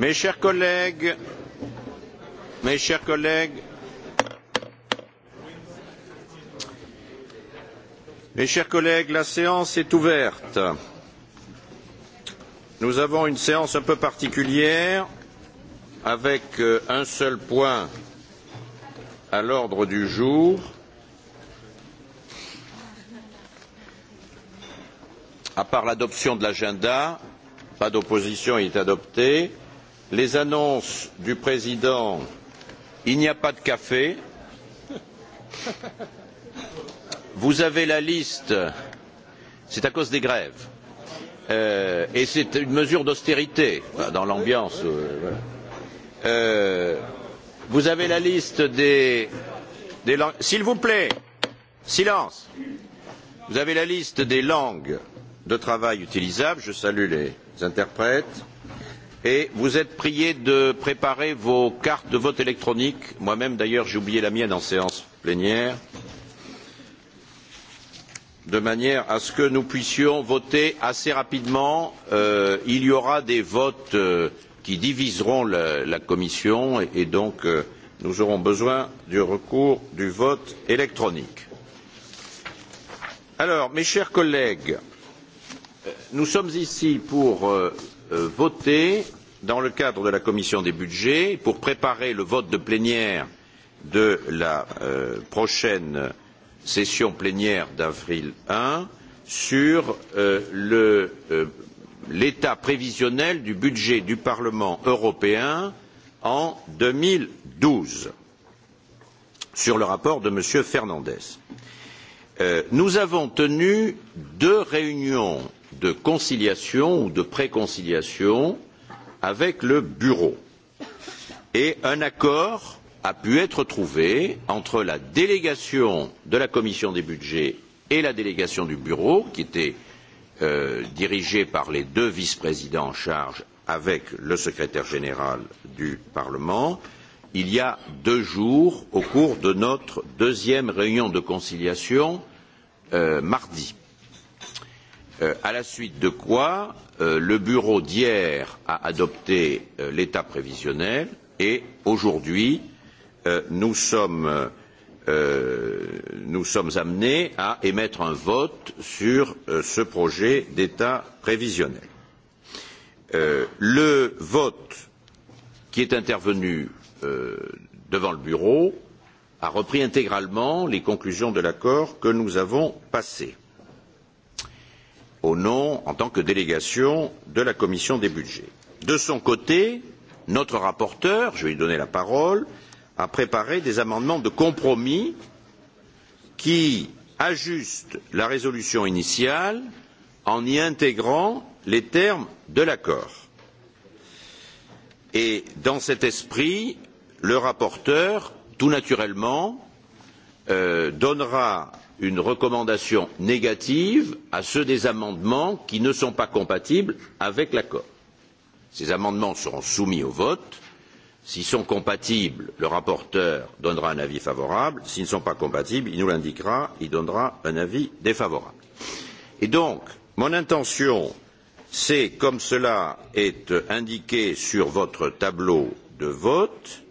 Mes chers collègues, mes chers collègues, mes chers collègues, la séance est ouverte. Nous avons une séance un peu particulière avec euh, un seul point à l'ordre du jour. À part l'adoption de l'agenda, pas d'opposition est adoptée les annonces du président il n'y a pas de café vous avez la liste c'est à cause des grèves euh, et c'est une mesure d'austérité dans l'ambiance euh, euh, vous avez la liste des, des s'il vous plaît silence vous avez la liste des langues de travail utilisables je salue les interprètes et vous êtes priés de préparer vos cartes de vote électroniques moi même d'ailleurs j'ai oublié la mienne en séance plénière de manière à ce que nous puissions voter assez rapidement. Euh, il y aura des votes euh, qui diviseront la commission et donc euh, nous aurons besoin du recours du vote électronique. mes chers collègues nous sommes ici pour Euh, votée dans le cadre de la commission des budgets pour préparer le vote de plénière de la euh, prochaine session plénière d'avril 1 sur euh, euh l'état euh, prévisionnel du budget du Parlement européen en 2012 sur le rapport de M. Fernandez. Euh, nous avons tenu deux réunions de conciliation ou de préconciliation avec le bureau. Et un accord a pu être trouvé entre la délégation de la commission des budgets et la délégation du bureau, qui était euh, dirigée par les deux vice-présidents en charge avec le secrétaire général du Parlement, il y a deux jours au cours de notre deuxième réunion de conciliation euh, mardi. Euh, Euh, à la suite de quoi euh, le bureau d'hier a adopté euh, l'état prévisionnel et aujourd'hui nous sommes, nous sommes amenés à émettre un vote sur ce projet d'état prévisionnel. Le vote qui est intervenu devant le bureau a repris intégralement les conclusions de l'accord que nous avons passé au nom en tant que délégation de la commission des budgets. De son côté, notre rapporteur je vais lui donner la parole a préparé des amendements de compromis qui ajustent la résolution initiale en y intégrant les termes de l'accord. Et dans cet esprit, le rapporteur, tout naturellement, euh, donnera une recommandation négative à ceux des amendements qui ne sont pas compatibles avec l'accord. Ces amendements seront soumis au vote. S'ils sont compatibles, le rapporteur donnera un avis favorable. S'ils ne sont pas compatibles, il nous l'indiquera, il donnera un avis défavorable. Et donc, mon intention, c'est, comme cela est indiqué sur votre tableau de vote,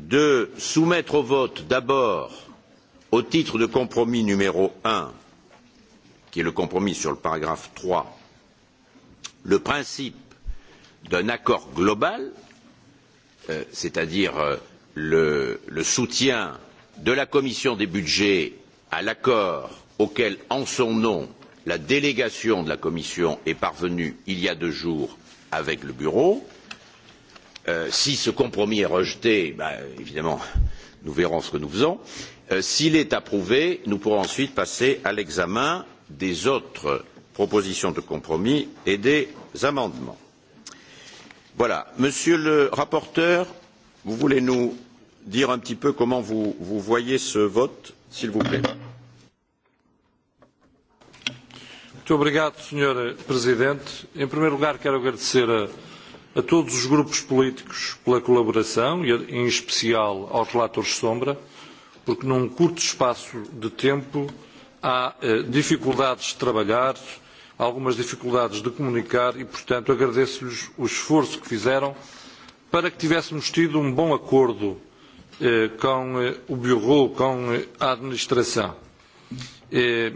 de soumettre au vote d'abord au titre de compromis numéro un qui est le compromis sur le paragraphe trois le principe d'un accord global euh, c'est à dire euh, le, le soutien de la commission des budgets à l'accord auquel en son nom la délégation de la commission est parvenue il y a deux jours avec le bureau euh, si ce compromis est rejeté ben, évidemment nous verrons ce que nous faisons. Euh, Euh, s'il est approuvé nous pourrons ensuite passer à l'examen des autres propositions de compromis et des amendements. monsieur le rapporteur vous voulez nous dire un petit peu comment vous, vous voyez ce vote s'il vous plaît? Muito obrigado, Sr. Presidente. Em primeiro lugar, quero agradecer a, a todos os grupos políticos pela colaboração, e a, em especial aos relatores de sombra porque num curto espaço de tempo há eh, dificuldades de trabalhar, algumas dificuldades de comunicar e, portanto, agradeço-lhes o esforço que fizeram para que tivéssemos tido um bom acordo eh, com eh, o Bureau, com eh, a Administração. Eh,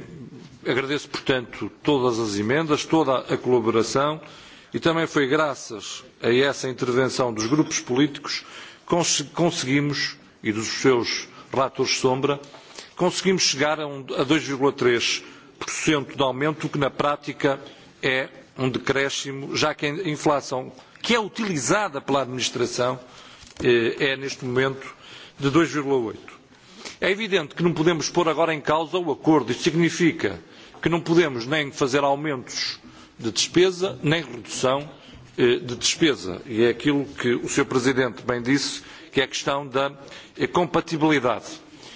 agradeço, portanto, todas as emendas, toda a colaboração e também foi graças a essa intervenção dos grupos políticos que cons conseguimos e dos seus relatores sombra, conseguimos chegar a, um, a 2,3% de aumento, o que na prática é um decréscimo, já que a inflação que é utilizada pela administração eh, é, neste momento, de 2,8%. É evidente que não podemos pôr agora em causa o acordo. Isto significa que não podemos nem fazer aumentos de despesa, nem redução, Eh, de despesa. E é aquilo que o Sr. Presidente bem disse, que é a questão da eh, compatibilidade.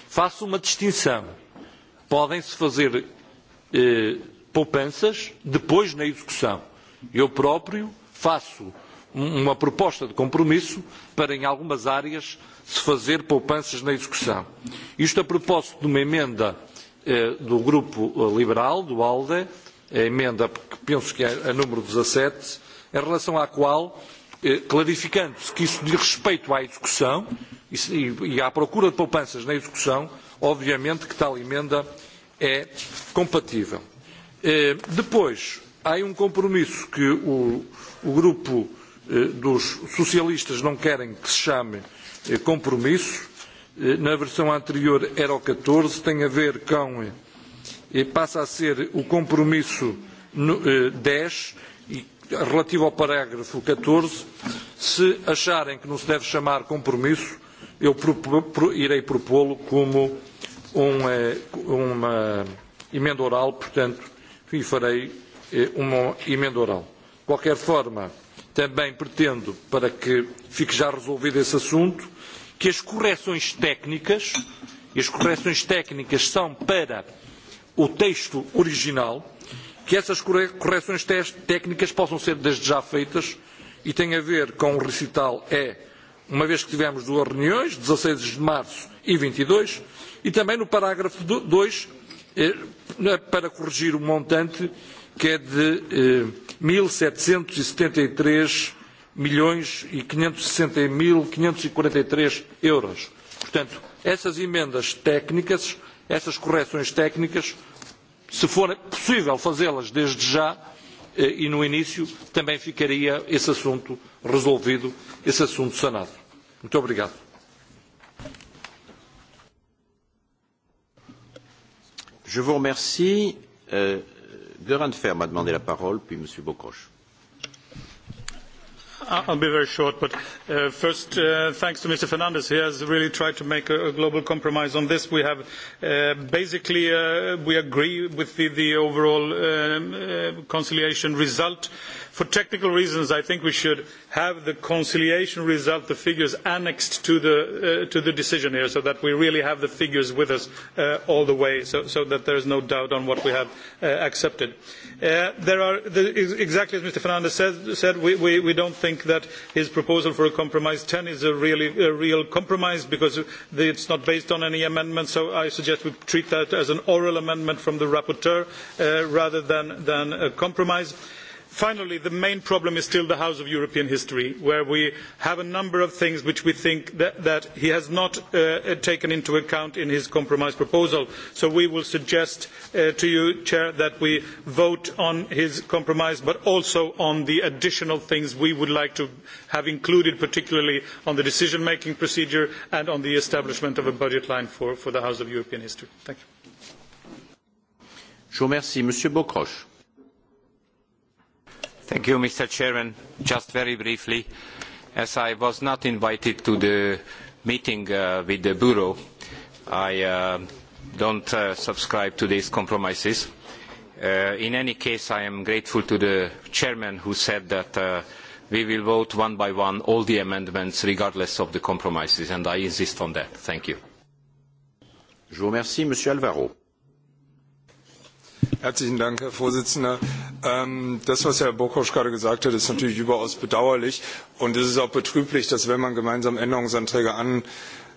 Faço uma distinção. Podem-se fazer eh, poupanças depois na execução. Eu próprio faço um, uma proposta de compromisso para, em algumas áreas, se fazer poupanças na execução. Isto a propósito de uma emenda eh, do Grupo Liberal, do ALDE, a emenda que penso que é a número 17, em relação à qual, eh, clarificando-se que isso diz respeito à execução e, e à procura de poupanças na execução, obviamente que tal emenda é compatível. Eh, depois, há um compromisso que o, o grupo eh, dos socialistas não querem que se chame compromisso. Na versão anterior era o 14, tem a ver com. passa a ser o compromisso 10, no, relativo ao parágrafo 14, se acharem que não se deve chamar compromisso, eu irei propô-lo como uma, eh, uma emenda oral, portanto, e farei eh, uma emenda oral. De qualquer forma, também pretendo, para que fique já resolvido esse assunto, que as correções técnicas, e as correções técnicas são para o texto original, que essas correções técnicas possam ser desde já feitas e têm a ver com o recital E, uma vez que tivemos duas reuniões, 16 de março e 22, e, e também no parágrafo 2, eh, para corrigir o montante, que é de 1.773 eh, e e milhões e 560.543 euros. Portanto, essas emendas técnicas, essas correções técnicas, se for possível fazê-las desde já eh, e no início, também ficaria esse assunto resolvido, esse assunto sanado. Muito obrigado. Je vous remercie. Euh, Göran Fer m'a demandé la parole, puis M. Bocroche. I'll be very short, but uh, first, uh, thanks to Mr. Fernandez. He has really tried to make a, a global compromise on this. We have uh, basically uh, we agree with the, the overall um, uh, conciliation result. Uh, for technical reasons, I think we should have the conciliation result, the figures annexed to the, uh, to the decision here, so that we really have the figures with us uh, all the way, so, so that there is no doubt on what we have uh, accepted. Uh, there are, the, exactly as Mr. Fernandez said, said we, we, we don't think that his proposal for a compromise 10 is a, really, a real compromise because it's not based on any amendment, so I suggest we treat that as an oral amendment from the rapporteur uh, rather than, than a compromise. Compromise finally the main problem is still the house of european history where we have a number of things which we think that he has not uh, uh, taken into account in his compromise proposal so we will suggest uh, to you chair that we vote on his compromise but also on the additional things we would like to have included particularly on the decision making procedure and on the establishment of a budget line for the house of european history. thank you mr president just very briefly as i was not invited to the meeting uh, with the bureau i uh, do not uh, subscribe to these compromises. in any case i am grateful to the chairman who said that we will vote one by one on all the amendments regardless of the compromises and i insist on that. thank you. Ähm, das, was Herr Bokosch gerade gesagt hat, ist natürlich überaus bedauerlich. Und es ist auch betrüblich, dass wenn man gemeinsam Änderungsanträge an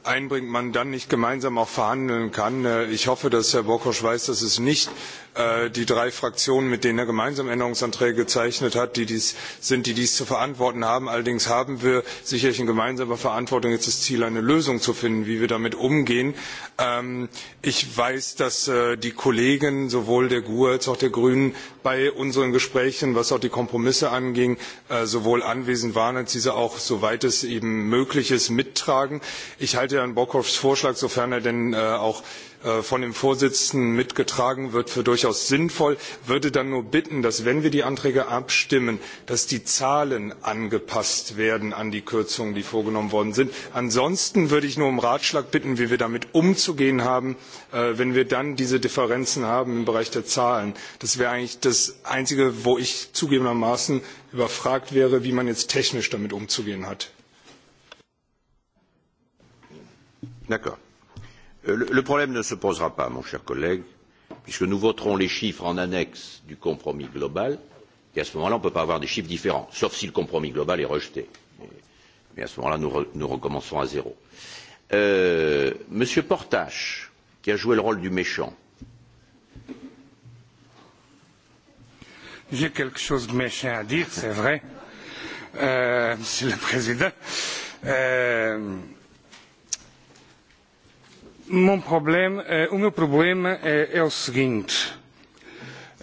einbringt, man dann nicht gemeinsam auch verhandeln kann. Äh, ich hoffe, dass Herr Bokosch weiß, dass es nicht äh, die drei Fraktionen, mit denen er gemeinsam Änderungsanträge gezeichnet hat, die dies sind, die dies zu verantworten haben. Allerdings haben wir sicherlich in gemeinsamer Verantwortung jetzt das Ziel, eine Lösung zu finden, wie wir damit umgehen. Ähm, ich weiß, dass äh, die Kollegen sowohl der GUE als auch der Grünen bei unseren Gesprächen, was auch die Kompromisse anging, äh, sowohl anwesend waren als diese auch, soweit es eben möglich ist, mittragen. Ich halte Herrn Bockhoffs Vorschlag, sofern er denn äh, auch Äh, von dem Vorsitzenden mitgetragen wird, für durchaus sinnvoll. Würde dann nur bitten, dass wenn wir die Anträge abstimmen, dass die Zahlen angepasst werden an die Kürzungen, die vorgenommen worden sind. Ansonsten würde ich nur um Ratschlag bitten, wie wir damit umzugehen haben, äh, wenn wir dann diese Differenzen haben im Bereich der Zahlen. Das wäre eigentlich das Einzige, wo ich zugegebenermaßen überfragt wäre, wie man jetzt technisch damit umzugehen hat. Necker. Euh, le problème ne se posera pas mon cher collègue puisque nous voterons les chiffres en annexe du compromis global et à ce moment là on ne peut pas avoir des chiffres différents sauf si le compromis global est rejeté mais à ce moment là nous, re, nous recommençons à zéro. Euh, monsieur Portache qui a joué le rôle du méchant J'ai quelque chose de méchant à dire, c'est vrai, euh, Monsieur le Président. Euh, mon um problème est eh, o meu problema é eh, é o seguinte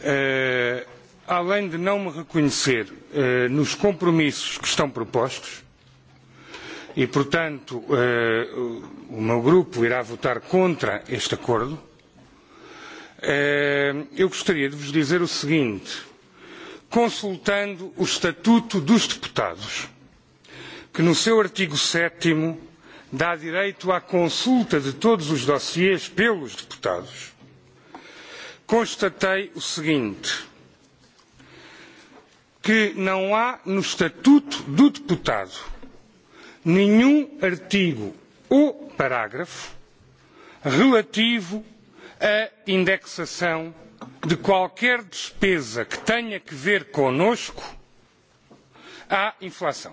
eh além de não me reconhecer eh nos compromissos que estão propostos e portanto eh o meu grupo irá votar contra este acordo eh eu gostaria de vos dizer o seguinte consultando o estatuto dos deputados que no seu artigo 7º dá direito à consulta de todos os dossiês pelos deputados, constatei o seguinte: que não há no Estatuto do Deputado nenhum artigo ou parágrafo relativo à indexação de qualquer despesa que tenha que ver conosco à inflação.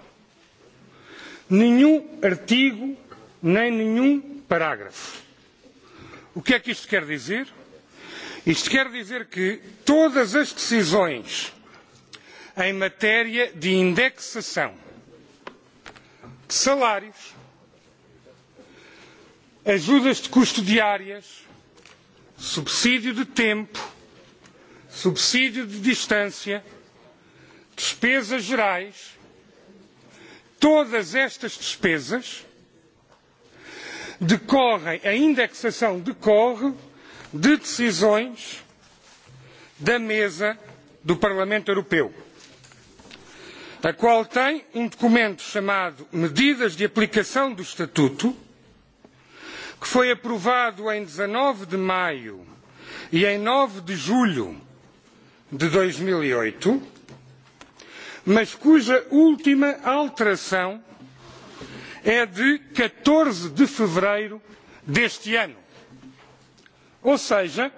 Nenhum artigo nem nenhum parágrafo. O que é que isto quer dizer? Isto quer dizer que todas as decisões em matéria de indexação de salários, ajudas de custo diárias, subsídio de tempo, subsídio de distância, despesas gerais, todas estas despesas decorrem a indexação decorre de decisões da mesa do Parlamento Europeu, a qual tem um documento chamado Medidas de Aplicação do Estatuto, que foi aprovado em 19 de maio e em 9 de julho de 2008, e mas cuja última alteração é de 14 de fevereiro deste ano. Ou seja,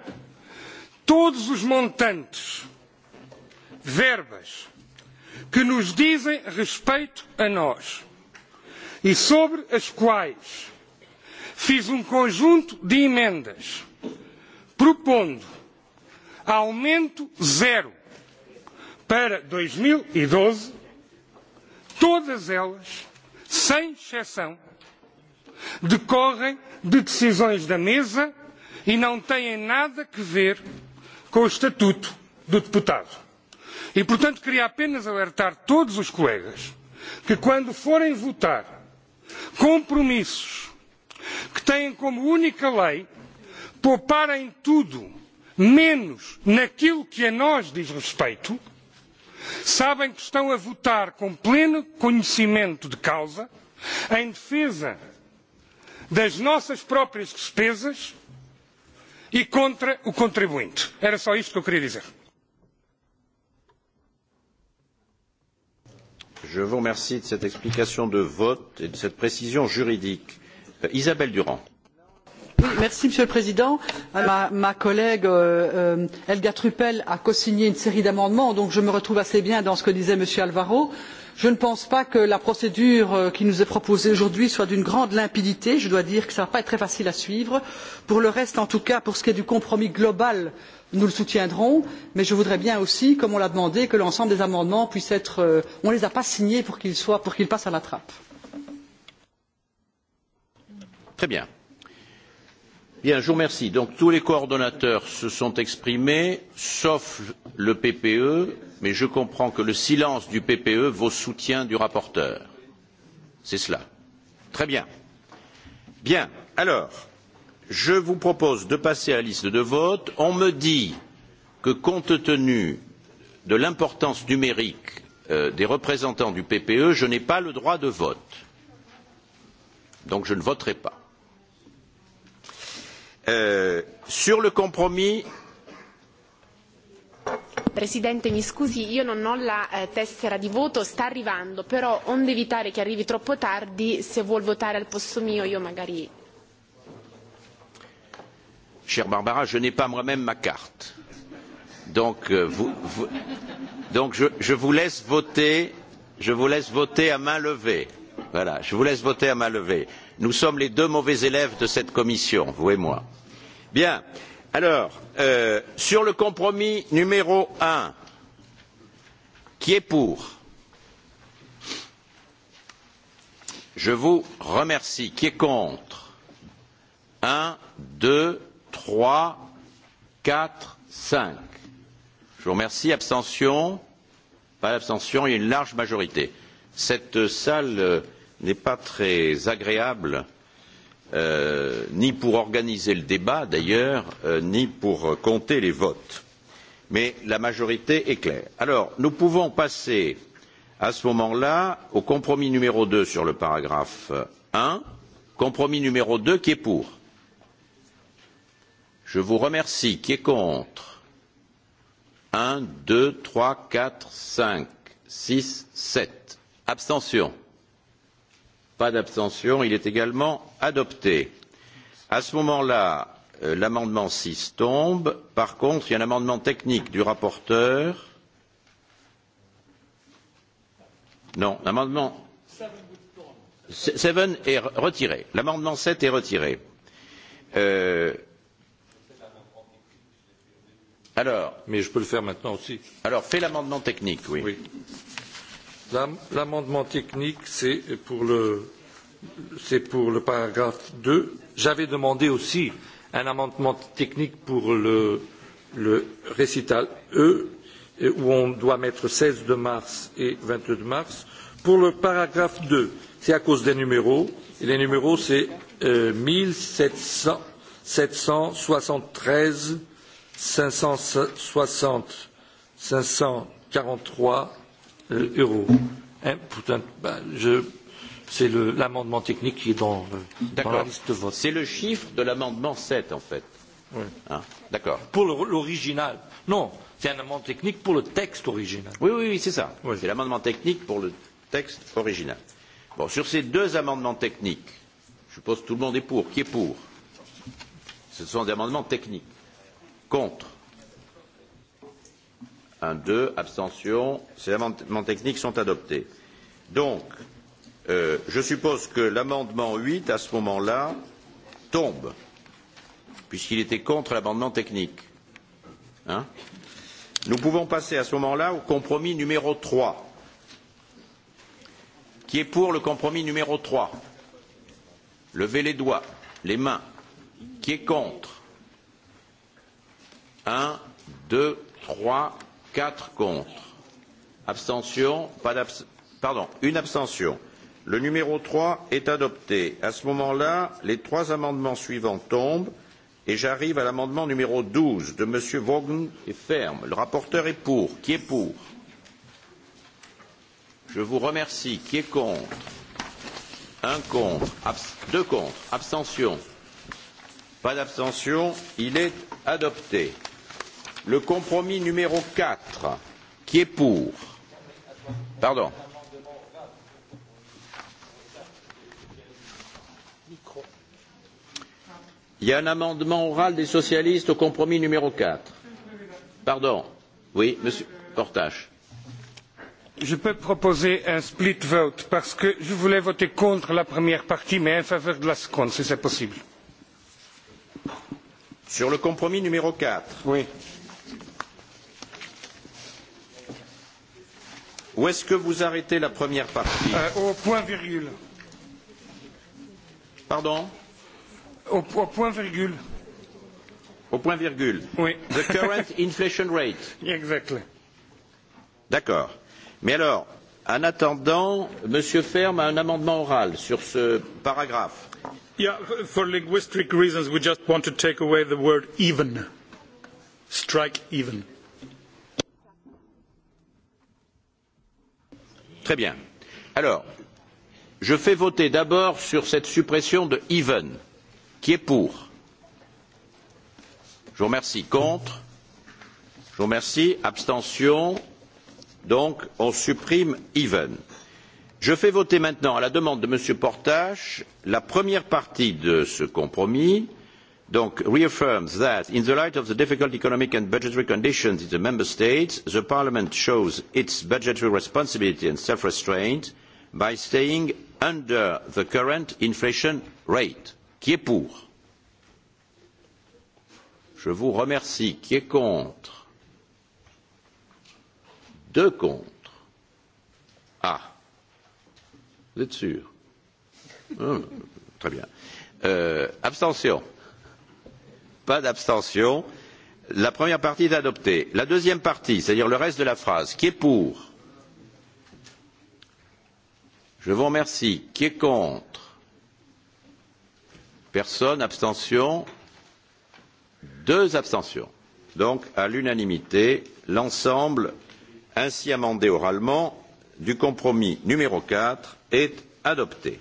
todos os montantes, verbas, que nos dizem respeito a nós e sobre as quais fiz um conjunto de emendas propondo aumento zero para 2012, e todas elas sem exceção, decorrem de decisões da mesa e não têm nada que ver com o estatuto do deputado. E, portanto, queria apenas alertar todos os colegas que, quando forem votar compromissos que têm como única lei pouparem tudo menos naquilo que a nós diz respeito, sabem que estão a votar com pleno conhecimento de causa em defesa das nossas próprias despesas e contra o contribuinte. Era só isto que eu queria dizer. Je vous remercie de cette explication de vote et de cette précision juridique. Euh, Isabelle Durand monsieur le président euh, ma collègue euh, euh, helga truppel a cosigné une série d'amendements donc je me retrouve assez bien dans ce que disait m. alvaro. je ne pense pas que la procédure qui nous est proposée aujourd'hui soit d'une grande limpidité je dois dire que cela ne va pas être très facile à suivre. pour le reste en tout cas pour ce qui est du compromis global nous le soutiendrons mais je voudrais bien aussi comme on l'a demandé que l'ensemble des amendements puissent être on ne les a pas signés pour qu'ils passent à la trappe. Bien, je vous remercie. Donc tous les coordonnateurs se sont exprimés, sauf le PPE, mais je comprends que le silence du PPE vaut soutien du rapporteur. C'est cela. Très bien. Bien, alors, je vous propose de passer à la liste de vote. On me dit que compte tenu de l'importance numérique euh, des représentants du PPE, je n'ai pas le droit de vote. Donc je ne voterai pas. Euh, sul compromesso presidente mi scusi io non ho la eh, tessera di voto sta arrivando però onde evitare che arrivi troppo tardi se vuol votare al posto mio io magari chère barbara je n'ai pas moi même ma carte donc euh, vous, vous donc je, je vous laisse voter je vous laisse voter à main levée voilà je vous laisse voter à main levée nous sommes les deux mauvais élèves de cette commission vous et moi. Euh, sur le compromis n un qui est pour? je vous remercie. qui est contre? un deux trois quatre cinq. je vous remercie. abstention? pas d'abstention il y a une large majorité. cette salle euh, n'est pas très agréable euh, ni pour organiser le débat d'ailleurs euh, ni pour compter les votes mais la majorité est claire. Alors nous pouvons passer à ce moment là au compromis numéro deux sur le paragraphe un compromis numéro deux qui est pour je vous remercie qui est contre un deux trois quatre cinq six sept abstention pas d'abstention il est également adopté. à ce moment là euh, l'amendement six tombe. par contre il y a un amendement technique du rapporteur non l'amendement seven est retiré l'amendement sept est retiré. Euh... alors mais je peux le faire maintenant aussi alors fais l'amendement technique oui. oui l'amendement technique c'est pour le paragraphe deux j'avais demandé aussi un amendement technique pour le, le récital e où on doit mettre seize de mars et vingt deux de mars pour le paragraphe deux c'est à cause des numéros et les numéros c'est euh, mille sept cents sept cent soixante treize cinq cent soixante cinq cent quarante trois euh, euros. Hein, eh, pour, bah, je, c'est le, l'amendement technique qui est dans, euh, dans la liste de vote. C'est le chiffre de l'amendement 7, en fait. Oui. Hein, d'accord. Pour le, l'original. Non, c'est un amendement technique pour le texte original. Oui, oui, oui c'est ça. Oui. C'est l'amendement technique pour le texte original. Bon, sur ces deux amendements techniques, je suppose que tout le monde est pour. Qui est pour Ce sont des amendements techniques. Contre un deux abstentions. ces amendements techniques sont adoptés. donc euh, je suppose que l'amendement huit à ce moment là tombe puisqu'il était contre l'amendement technique. Hein nous pouvons passer à ce moment là au compromis numéro trois. qui est pour le compromis numéro trois? levez les doigts les mains. qui est contre? un deux trois quatre contre abstention pardon une abstention le numéro trois est adopté à ce moment là les trois amendements suivants tombent et j'arrive à l'amendement numéro douze de m. vaughan et ferme le rapporteur est pour qui est pour je vous remercie qui est contre un contre deux contre abstention pas d'abstention il est adopté le compromis n quatre qui est pour? pardon. il y a un amendement oral des socialistes au compromis n quatre. pardon. oui, monsieur portache. Je peux proposer un split vote parce que je voulais voter contre la première partie mais en faveur de la seconde, si c'est possible. Sur le compromis numéro 4. Oui. Où est-ce que vous arrêtez la première partie euh, Au point virgule. Pardon au, au point virgule. Au point virgule. Oui. The current inflation rate. Exactement. D'accord. Mais alors, en attendant, Monsieur Ferme a un amendement oral sur ce paragraphe. Yeah, for linguistic reasons, we just want to take away the word even. Strike even. très bien. je fais voter d'abord sur cette suppression de even. qui est pour? je vous remercie. contre? je vous remercie. abstention? donc on supprime even. je fais voter maintenant à la demande de m. portage la première partie de ce compromis reaffirms that in the light of the difficult economic and budgetary conditions in the member states parliament shows its budgetary responsibility and self restraint by staying under the current inflation rate. qui est pour? je vous remercie. qui est contre? deux contre. ah. vous êtes sûr? Hum, hmm. très bien. Euh, abstention pas d'abstention. la première partie est adoptée. la deuxième partie c'est à dire le reste de la phrase qui est pour? je vous remercie. qui est contre? personne. abstention. deux abstentions. donc à l'unanimité l'ensemble ainsi amendé oralement du compromis numéro quatre est adopté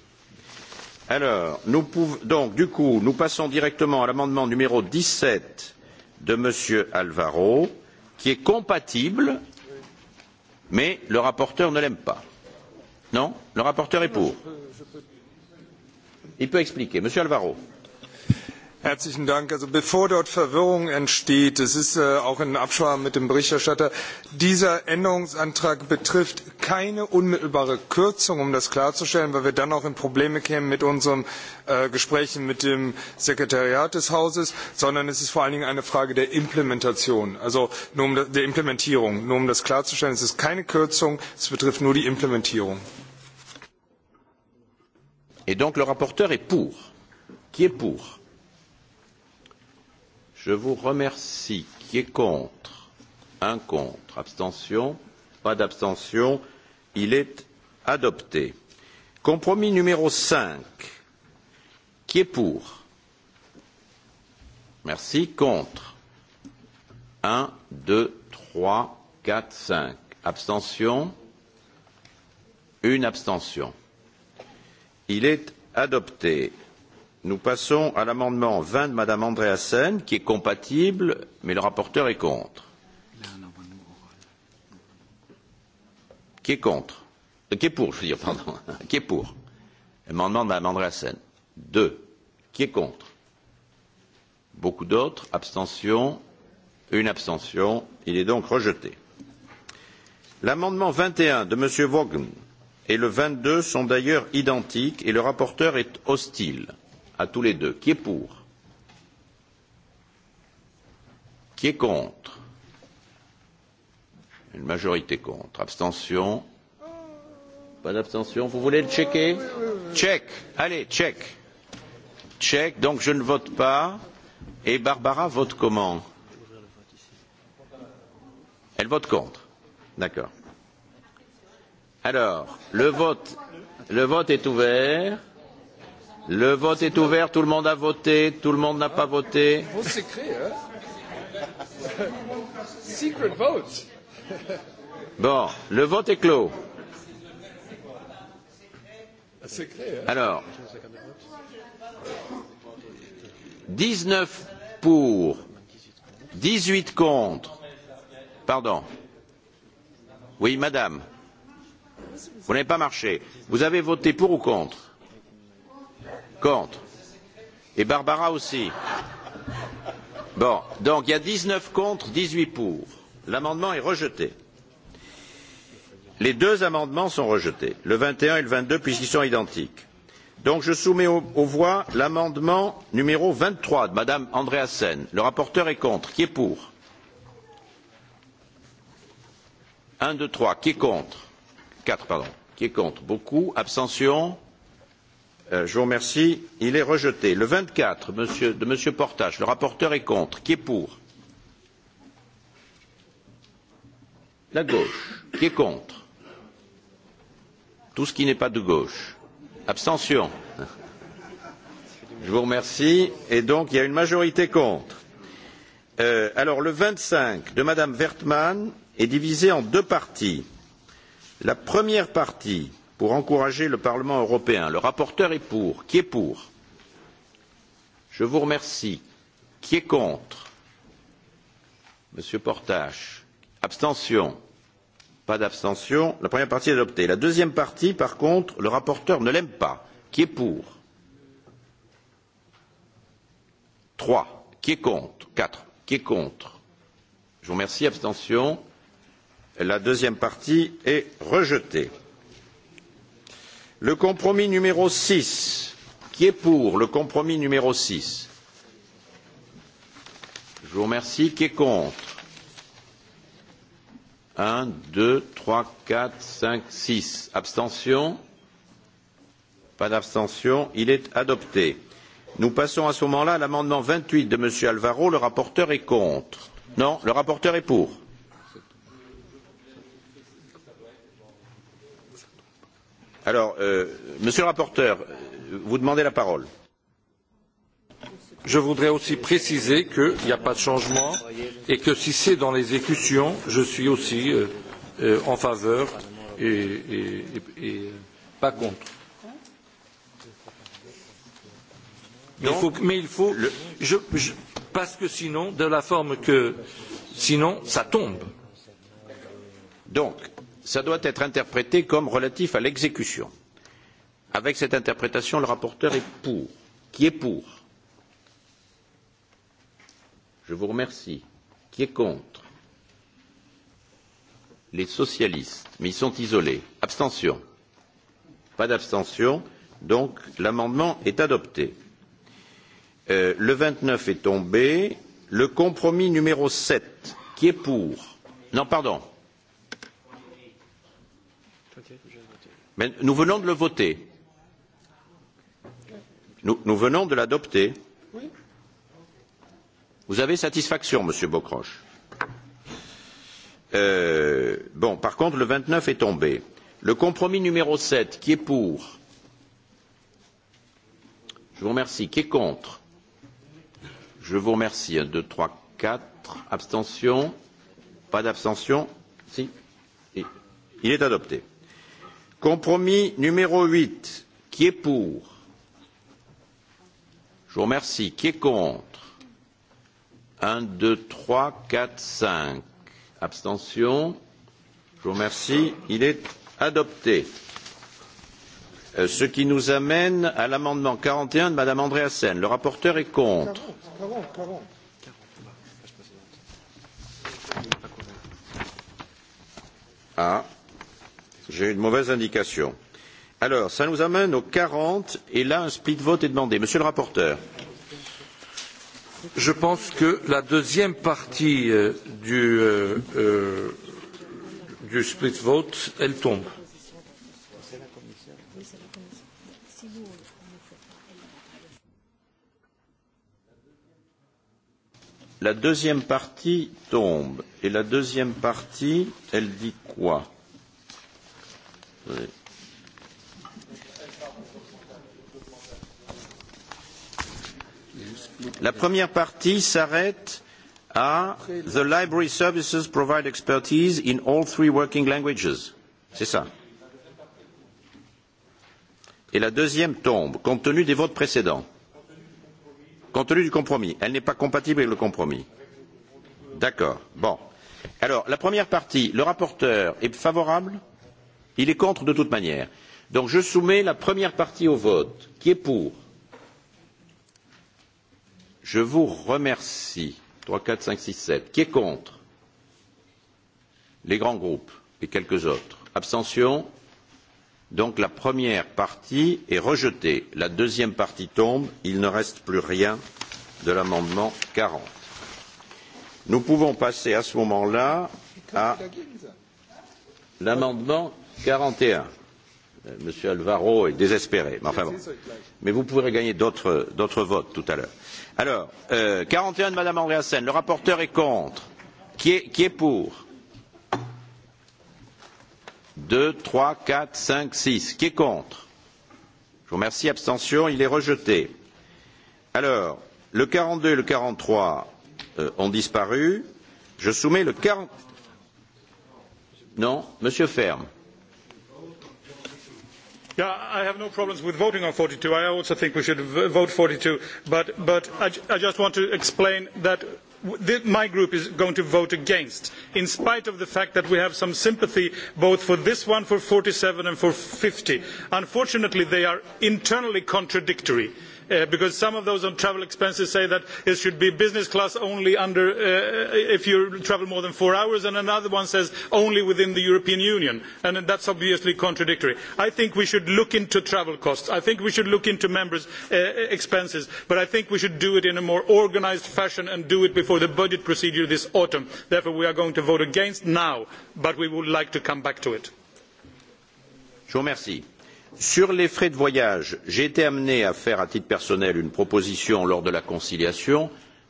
alors nous passons directement à l'amendement numéro dix sept de m. alvaro qui est compatible mais le rapporteur ne l'aime pas. non le rapporteur est pour. il peut expliquer. monsieur alvaro. Herzlichen Dank. Also bevor dort Verwirrung entsteht, es ist äh, auch in Absprache mit dem Berichterstatter, dieser Änderungsantrag betrifft keine unmittelbare Kürzung, um das klarzustellen, weil wir dann auch in Probleme kämen mit unseren äh, Gesprächen mit dem Sekretariat des Hauses, sondern es ist vor allen Dingen eine Frage der Implementation, also nur um das, der Implementierung. Nur um das klarzustellen, es ist keine Kürzung, es betrifft nur die Implementierung. Et donc le rapporteur est pour. Qui est pour? je vous remercie qui est contre un contre abstention pas d'abstention il est adopté compromis numéro cinq qui est pour merci contre un deux trois quatre cinq abstention une abstention il est adopté nous passons à l'amendement vingt de mme andreasen qui est compatible mais le rapporteur est contre. qui est contre? Euh, qui est pour? je veux dire pardon. qui est pour? amendement de mme andreasen. deux. qui est contre? beaucoup d'autres. abstentions. une abstention. il est donc rejeté. l'amendement vingt et un de m. vaughan et le vingt deux sont d'ailleurs identiques et le rapporteur est hostile à tous les deux. Qui est pour Qui est contre Une majorité contre. Abstention Pas d'abstention Vous voulez le checker Check Allez, check Check, donc je ne vote pas. Et Barbara vote comment Elle vote contre. D'accord. Alors, le vote, le vote est ouvert. Le vote est ouvert, tout le monde a voté, tout le monde n'a pas voté. Ah, Vos secrets, hein Secret vote. Bon, le vote est clos. Ah, Alors, 19 pour, 18 contre. Pardon. Oui, madame. Vous n'avez pas marché. Vous avez voté pour ou contre contre et barbara aussi. donc il y a dix neuf contre dix huit pour. l'amendement est rejeté. les deux amendements sont rejetés le vingt et un et le vingt deux puisqu'ils sont identiques. donc je soumets aux voix l'amendement numéro vingt trois de mme andreasen. le rapporteur est contre. qui est pour? un deux trois qui est contre? quatre pardon. qui est contre? beaucoup. abstentions? Euh, je vous remercie il est rejeté le vingt quatre de m. portage le rapporteur est contre qui est pour la gauche qui est contre tout ce qui n'est pas de gauche abstention je vous remercie et donc il y a une majorité contre euh, alors le vingt cinq de mme wertmann est divisé en deux parties la première partie pour encourager le parlement européen le rapporteur est pour qui est pour? je vous remercie qui est contre? m. portage abstention pas d'abstention la première partie est adoptée la deuxième partie par contre le rapporteur ne l'aime pas qui est pour? trois qui est contre? quatre qui est contre? je vous remercie abstention la deuxième partie est rejetée le compromis n six qui est pour le compromis n six je vous remercie qui est contre un deux trois quatre cinq six abstentions pas d'abstention il est adopté. nous passons à ce moment là à l'amendement vingt huit de m. alvaro le rapporteur est contre non le rapporteur est pour. Euh, monsieur le rapporteur vous demandez la parole. je voudrais aussi préciser qu'il n'y a pas de changement et que si c'est dans l'exécution je suis aussi euh, euh, en faveur et, et, et pas contre. Donc, il faut, mais il faut le, je, je, parce que sinon, de la forme que sinon, ça tombe. Donc, ça doit être interprété comme relatif à l'exécution. Avec cette interprétation, le rapporteur est pour. Qui est pour Je vous remercie. Qui est contre Les socialistes, mais ils sont isolés. Abstention. Pas d'abstention. Donc l'amendement est adopté. Euh, le 29 est tombé. Le compromis numéro 7, qui est pour Non, pardon. Mais nous venons de le voter. Nous, nous venons de l'adopter. Vous avez satisfaction, Monsieur Bocroche. Euh, bon, par contre, le 29 est tombé. Le compromis numéro 7, qui est pour Je vous remercie. Qui est contre Je vous remercie. 1, 2, 3, 4. Abstention Pas d'abstention Si. Il est adopté compromis n huit qui est pour? je vous remercie qui est contre? un deux trois quatre cinq abstentions je vous remercie il est adopté euh, ce qui nous amène à l'amendement quarante et un de madame andreasen le rapporteur est contre. Ah, j'ai une mauvaise indication. alors cela nous amène au quarante et là un split vote est demandé. monsieur le rapporteur je pense que la deuxième partie euh, du, euh, euh, du split vote elle tombe. La deuxième partie tombe. Et la deuxième partie, elle dit quoi? Oui. La première partie s'arrête à The Library Services provide expertise in all three working languages. C'est ça. Et la deuxième tombe, compte tenu des votes précédents. Compte tenu du compromis. Elle n'est pas compatible avec le compromis. D'accord. Bon. Alors, la première partie, le rapporteur est favorable il est contre de toute manière. donc je soumets la première partie au vote qui est pour? je vous remercie trois quatre cinq six sept qui est contre? les grands groupes et quelques autres abstention donc la première partie est rejetée la deuxième partie tombe il ne reste plus rien de l'amendement quarante. nous pouvons passer à ce moment là à l'amendement quarante et un monsieur alvaro est désespéré mais enfin bon mais vous pourrez gagner d'autres votes tout à l'heure. alors euh, quarante et un de mme andreasen le rapporteur est contre qui est, qui est pour? deux trois quatre cinq six qui est contre? je vous remercie abstention il est rejeté. alors le quarante deux et le quarante trois euh, ont disparu. je soumets le quarante 40... non monsieur ferme. Yeah, I have no problems with voting on 42. I also think we should v vote 42. But, but I, j I just want to explain that w th my group is going to vote against, in spite of the fact that we have some sympathy both for this one, for 47, and for 50. Unfortunately, they are internally contradictory. Uh, because some of those on travel expenses say that it should be business class only under uh, uh, if you travel more than four hours, and another one says only within the European Union, and that's obviously contradictory. I think we should look into travel costs. I think we should look into members' uh, expenses, but I think we should do it in a more organised fashion and do it before the budget procedure this autumn. Therefore, we are going to vote against now, but we would like to come back to it. Je vous remercie sur les frais de voyage j'ai été amené à faire à titre personnel une proposition lors de la conciliation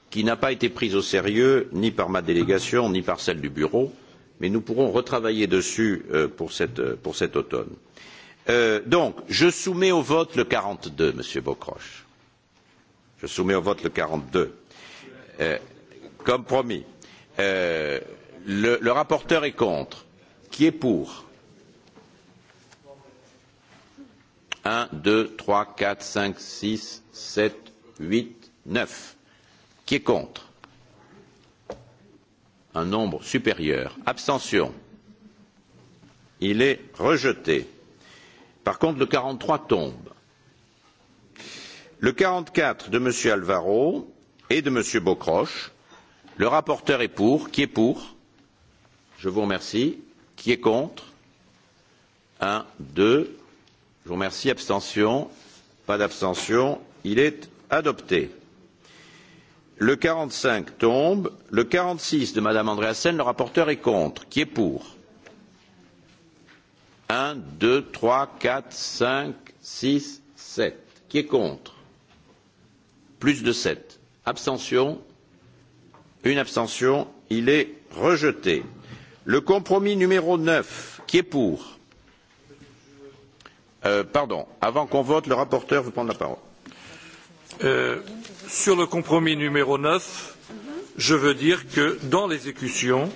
qui n'a pas été prise au sérieux ni par ma délégation ni par celle du bureau mais nous pourrons retravailler dessus euh, pour, cette, euh, pour cet automne. Euh, donc je soumets au vote le quarante deux monsieur bocroche je soumets au vote le quarante deux euh, comme promis euh, le, le rapporteur est contre qui est pour? un deux trois quatre cinq six sept huit neuf qui est contre un nombre supérieur abstention il est rejeté par contre le quarante trois tombe le quarante quatre de m. alvaro et de m. bocroche le rapporteur est pour qui est pour je vous remercie qui est contre un deux je vous remercie abstention pas d'abstention il est adopté le quarante cinq tombe le quarante six de madame andreasen le rapporteur est contre qui est pour un deux trois quatre cinq six sept qui est contre plus de sept abstention une abstention il est rejeté le compromis numéro neuf qui est pour Euh, pardon avant qu'on vote le rapporteur veut prendre la parole. Euh, sur le compromis numéro neuf je veux dire que dans l'exécution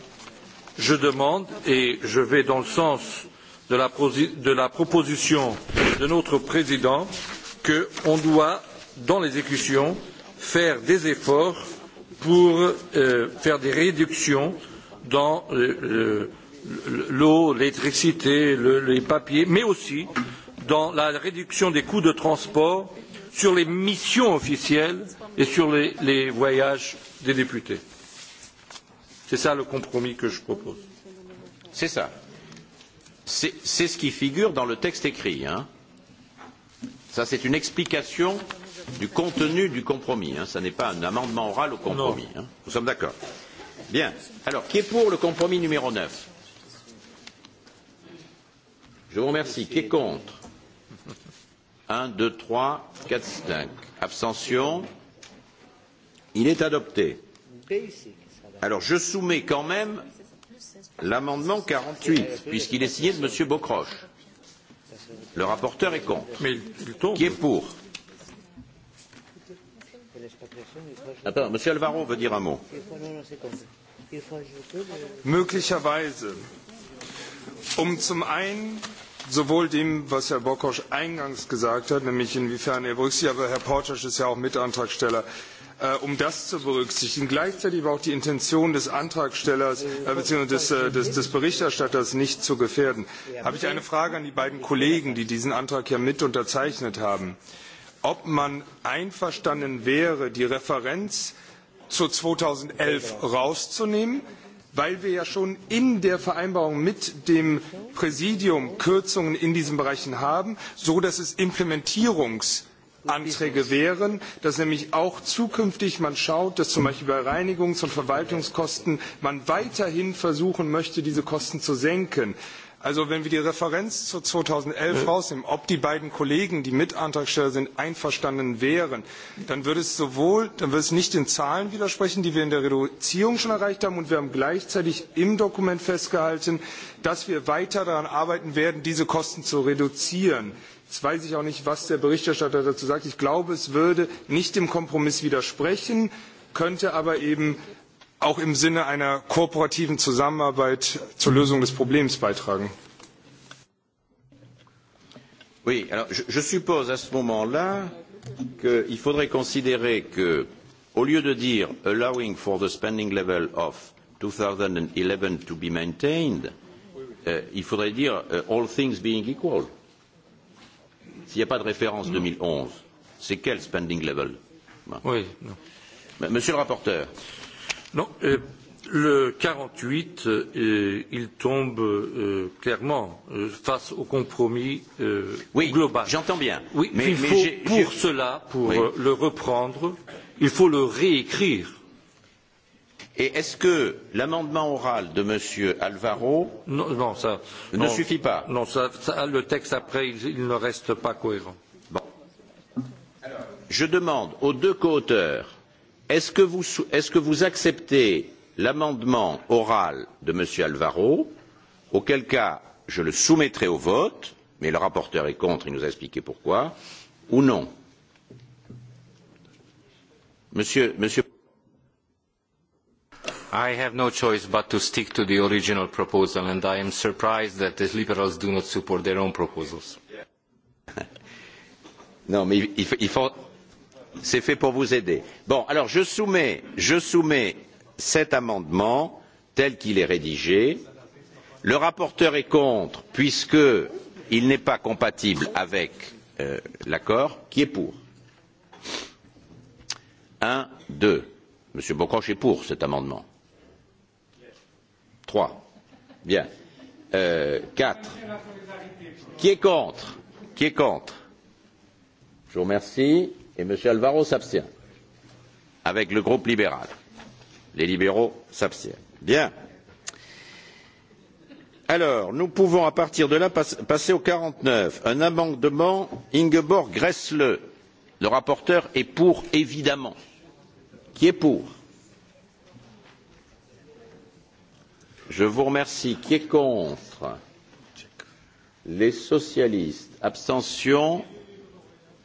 je demande et je vais dans le sens de la, de la proposition de notre président qu'on doit dans l'exécution faire des efforts pour euh, faire des réductions dans euh, l'eau, l'électricité, le, les papiers, mais aussi dans la réduction des coûts de transport, sur les missions officielles et sur les, les voyages des députés. C'est ça le compromis que je propose. C'est ça. C'est ce qui figure dans le texte écrit. Hein. Ça, c'est une explication du contenu du compromis. Hein. Ça n'est pas un amendement oral au compromis. Hein. Nous sommes d'accord. Bien. Alors, qui est pour le compromis numéro 9 Je vous remercie. Qui est contre un, deux, trois, quatre, cinq. Abstention. Il est adopté. Alors je soumets quand même l'amendement 48, puisqu'il est signé de M. Bocroche. Le rapporteur est contre. Mais il tombe. Qui est pour Attends, ah, M. Alvaro veut dire un mot. Möglicherweise, um zum einen sowohl dem, was Herr Bockhorst eingangs gesagt hat, nämlich inwiefern er berücksichtigt, aber Herr Portasch ist ja auch Mitantragsteller, äh, um das zu berücksichtigen, gleichzeitig aber auch die Intention des Antragstellers äh, bzw. Des, äh, des, des Berichterstatters nicht zu gefährden. Habe ich eine Frage an die beiden Kollegen, die diesen Antrag ja mit unterzeichnet haben. Ob man einverstanden wäre, die Referenz zu 2011 rauszunehmen, weil wir ja schon in der Vereinbarung mit dem Präsidium Kürzungen in diesen Bereichen haben, so dass es Implementierungs Anträge wären, dass nämlich auch zukünftig man schaut, dass zum Beispiel bei Reinigungs- und Verwaltungskosten man weiterhin versuchen möchte, diese Kosten zu senken. Also wenn wir die Referenz zu 2011 ja. rausnehmen, ob die beiden Kollegen, die Mitantragsteller sind, einverstanden wären, dann würde es sowohl, dann würde es nicht den Zahlen widersprechen, die wir in der Reduzierung schon erreicht haben, und wir haben gleichzeitig im Dokument festgehalten, dass wir weiter daran arbeiten werden, diese Kosten zu reduzieren. Jetzt weiß ich auch nicht, was der Berichterstatter dazu sagt. Ich glaube, es würde nicht dem Kompromiss widersprechen, könnte aber eben auch im Sinne einer kooperativen Zusammenarbeit zur Lösung des Problems beitragen? Oui, alors je, je suppose à ce moment-là qu'il faudrait considérer que, au lieu de dire allowing for the spending level of 2011 to be maintained, euh, il faudrait dire euh, all things being equal. S'il n'y a pas de référence 2011, c'est quel spending level ben. Oui, non. Monsieur le rapporteur. Euh, Non, euh, le 48, euh, il tombe euh, clairement euh, face au compromis euh, oui, global. J'entends bien. Oui, mais, il mais faut pour cela, pour oui. euh, le reprendre, il faut le réécrire. Et est-ce que l'amendement oral de M. Alvaro non, non, ça, ne non, suffit pas Non, ça, ça, le texte après, il, il ne reste pas cohérent. Bon. Alors, je demande aux deux coauteurs est ce que vous acceptez l'amendement oral de m. alvaro auquel cas je le soumettrai au vote mais le rapporteur est contre il nous a expliqué pourquoi ou non? Monsieur, monsieur I have no choice but to stick to the original proposal and I am surprised that the liberals do not support their own proposals. Non, mais il, il, il faut, c'est fait pour vous aider. je soumets cet amendement tel qu'il est rédigé. le rapporteur est contre puisqu'il n'est pas compatible avec euh, l'accord. qui est pour? un deux. monsieur bocroche est pour cet amendement. trois. bien. Euh, quatre. qui est contre? qui est contre? je vous remercie et monsieur Alvaro s'abstient. Avec le groupe libéral. Les libéraux s'abstiennent. Bien. Alors, nous pouvons à partir de là pas, passer au 49. Un amendement, Ingeborg Gressle, le rapporteur est pour, évidemment. Qui est pour Je vous remercie. Qui est contre Les socialistes. Abstention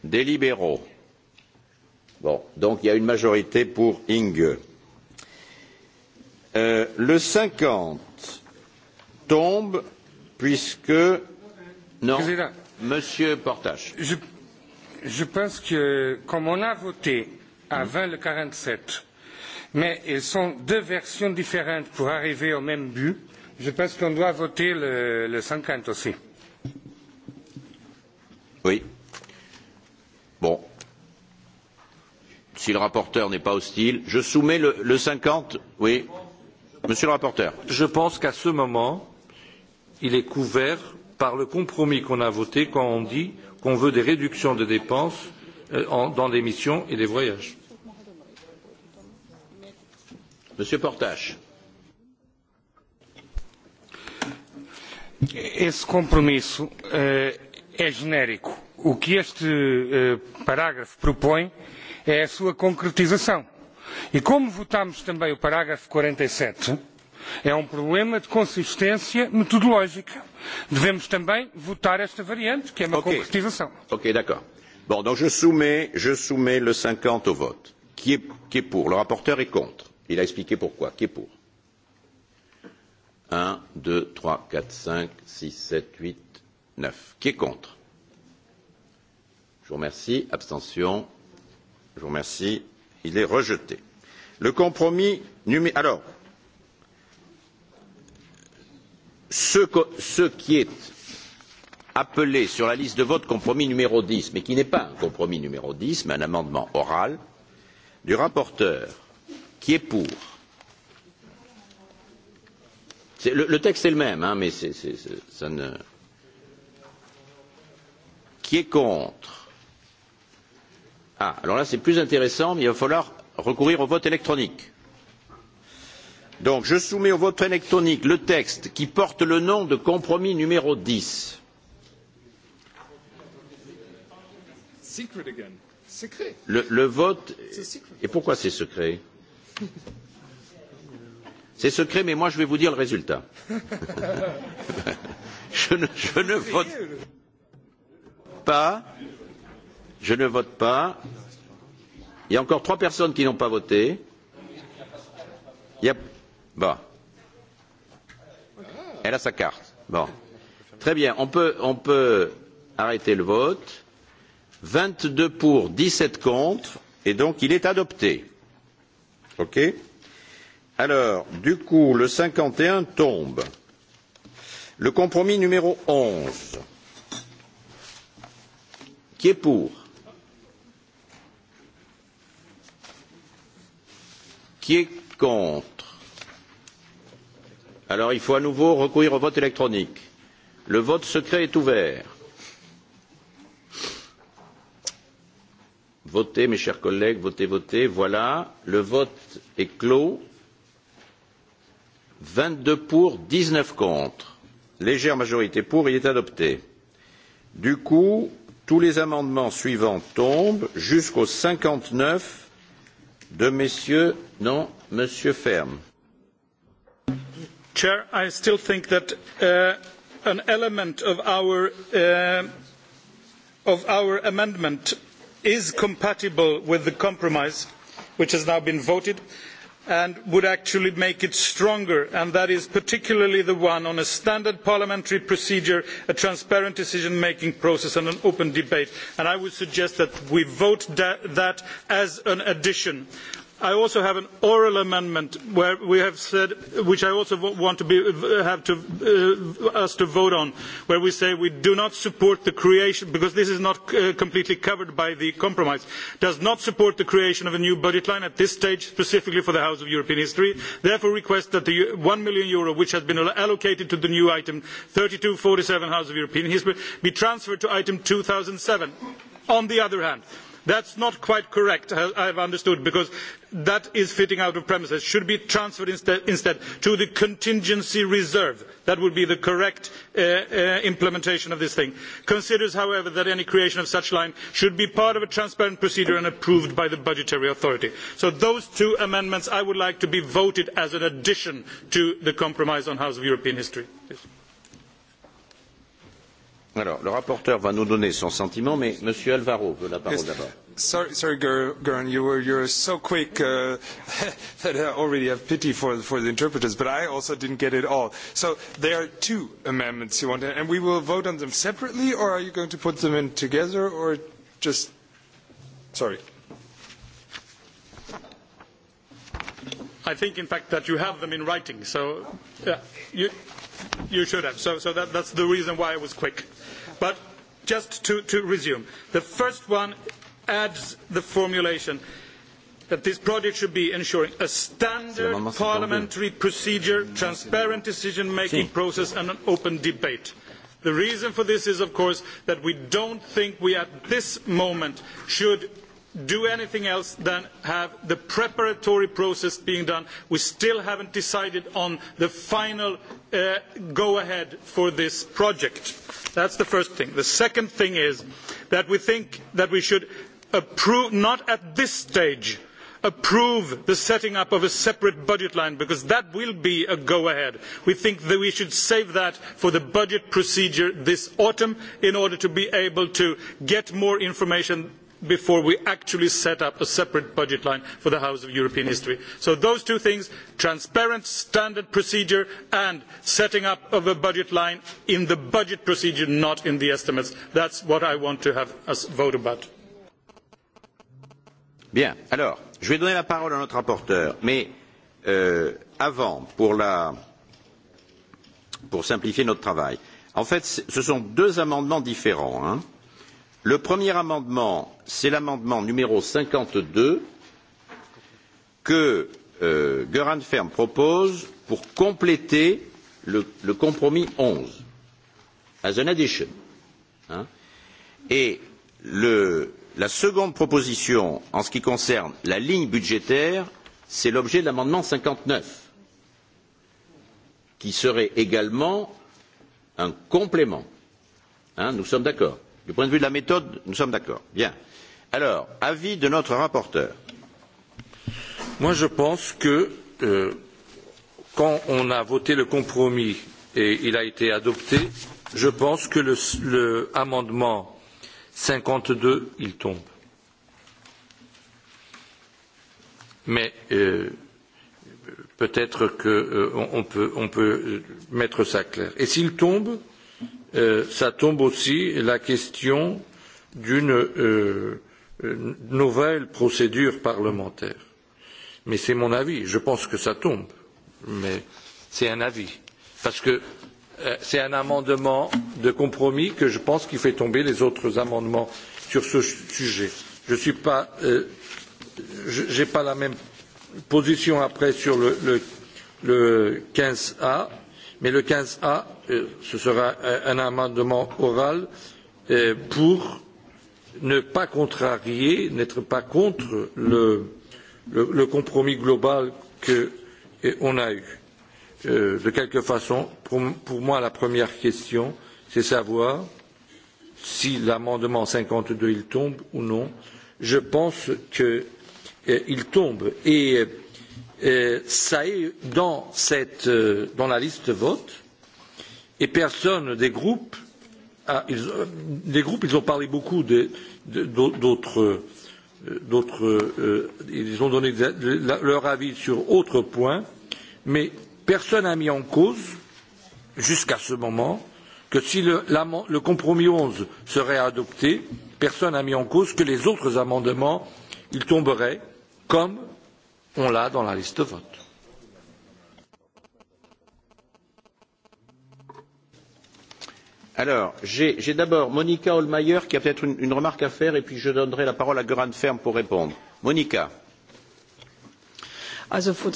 des libéraux. Bon, donc il y a une majorité pour Inge. Euh, le 50 tombe puisque. Non. Président, Monsieur Portache. Je, je pense que comme on a voté à mmh. 20 le 47, mais ils sont deux versions différentes pour arriver au même but, je pense qu'on doit voter le, le 50 aussi. Oui. Bon, si le rapporteur n'est pas hostile je soumets le, le 50 oui monsieur le rapporteur je pense qu'à ce moment il est couvert par le compromis qu'on a voté quand on dit qu'on veut des réductions de dépenses euh, en, dans les missions et les voyages monsieur Portache Esse compromisso uh, é genérico. O que este uh, parágrafo propõe é a sua concretização. E como votámos também o parágrafo 47, e é um problema de consistência metodológica. Devemos também votar esta variante, que é uma okay. concretização. Ok, d'accord. Bom, então, je soumets, je soumets le 50 au vote. Qui est, qui est pour? Le rapporteur est contre. Il a expliqué pourquoi. Qui est pour? 1, 2, 3, 4, 5, 6, 7, 8, 9. Qui est contre? Je vous remercie. Abstention je vous remercie. Il est rejeté. Le compromis numéro. Alors, ce, que, ce qui est appelé sur la liste de vote compromis numéro 10, mais qui n'est pas un compromis numéro 10, mais un amendement oral du rapporteur qui est pour. Est, le, le texte est le même, hein, mais c est, c est, c est, ça ne. Qui est contre Ah, alors là, c'est plus intéressant, mais il va falloir recourir au vote électronique. Donc, je soumets au vote électronique le texte qui porte le nom de compromis numéro 10. Secret again. Secret. Le, le vote. Secret. Et pourquoi c'est secret C'est secret, mais moi, je vais vous dire le résultat. je ne, je ne vote pas je ne vote pas. Il y a encore trois personnes qui n'ont pas voté. Il y a... bon. Elle a sa carte. Bon. Très bien, on peut, on peut arrêter le vote. 22 pour, 17 contre, et donc il est adopté. OK Alors, du coup, le 51 tombe. Le compromis numéro 11. Qui est pour qui est contre? alors il faut à nouveau recourir au vote électronique. le vote secret est ouvert. votez mes chers collègues votez votez voilà le vote est clos vingt deux pour dix neuf contre légère majorité pour il est adopté. du coup tous les amendements suivants tombent jusqu'au cinquante neuf i still think that uh, an element uh, of our amendment is compatible with the compromise which has now been voted on and would actually make it stronger and that is particularly the one on a standard parliamentary procedure a transparent decision making process and an open debate and i would suggest that we vote that as an addition. I also have an oral amendment where we have said, which I also want to be, have to, uh, us to vote on, where we say we do not support the creation, because this is not uh, completely covered by the compromise, does not support the creation of a new budget line at this stage, specifically for the House of European History, therefore request that the €1 million euro, which has been allocated to the new item 3247 House of European History be transferred to item 2007. On the other hand, that is not quite correct as i have understood because that is fitting out of premises. it should be transferred instead to the contingency reserve that would be the correct uh, uh, implementation of this thing. it considers however that any creation of such a line should be part of a transparent procedure and approved by the budgetary authority. so those two amendments i would like to be voted as an addition to the compromise on house of european history le rapporteur va nous donner son sentiment, mais M. Alvaro veut la parole yes. d'abord. Sorry, sorry Gern, you were you're so quick uh, that I already have pity for for the interpreters, but I also didn't get it all. So there are two amendments you want, and we will vote on them separately, or are you going to put them in together, or just sorry? I think, in fact, that you have them in writing, so uh, you you should have. So so that, that's the reason why I was quick but just to, to resume, the first one adds the formulation that this project should be ensuring a standard parliamentary procedure, transparent decision-making sí. process and an open debate. The reason for this is, of course, that we don't think we at this moment should do anything else than have the preparatory process being done. We still haven't decided on the final uh, go-ahead for this project. That's the first thing. The second thing is that we think that we should approve, not at this stage, approve the setting up of a separate budget line because that will be a go-ahead. We think that we should save that for the budget procedure this autumn in order to be able to get more information before we actually set up a separate budget line for the house of european history. so those two things transparent standard procedure and setting up of a budget line in the budget procedure not in the estimates that is what i want to have us vote about. bien alors je vais donner la parole à notre rapporteur mais euh, avant pour la pour simplifier notre travail en fait ce sont deux amendements différents hein le premier amendement c'est l'amendement numéro cinquante deux que euh, gran frm propose pour compléter le, le compromis onze as an addition hein. et le, la seconde proposition en ce qui concerne la ligne budgétaire c'est l'objet de l'amendement cinquante neuf qui serait également un complément hein, nous sommes d'accord du point de vue de la méthode nous sommes d'accord. alors avis de notre rapporteur moi je pense que euh, quand on a voté le compromis et il a été adopté je pense que l'amendement le, le cinquante deux il tombe mais euh, peut être qu'on euh, peut, on peut euh, mettre ça clair et s'il tombe Euh, ça tombe aussi la question d'une euh, euh, nouvelle procédure parlementaire. Mais c'est mon avis, je pense que ça tombe, mais c'est un avis. Parce que euh, c'est un amendement de compromis que je pense qui fait tomber les autres amendements sur ce sujet. Je suis pas, euh, j'ai pas la même position après sur le, le, le 15A, mais le 15A Euh, ce sera un amendement oral euh, pour ne pas contrarier, n'être pas contre le, le, le compromis global qu'on euh, a eu. De quelque façon, pour, pour moi, la première question, c'est savoir si l'amendement 52 il tombe ou non. Je pense qu'il tombe et, et ça est dans, cette, dans la liste de vote et personne des groupes a, ils, des groupes ils ont parlé beaucoup d'autres euh, d'autres euh, ils ont donné leur avis sur autres points mais personne n'a mis en cause jusqu'à ce moment que si le, la, le compromis 11 serait adopté personne n'a mis en cause que les autres amendements ils tomberaient comme on l'a dans la liste de vote. j'ai d'abord monika hohlmeier qui a peut être une remarque à faire et puis je donnerai la parole à göran färm pour répondre. monika.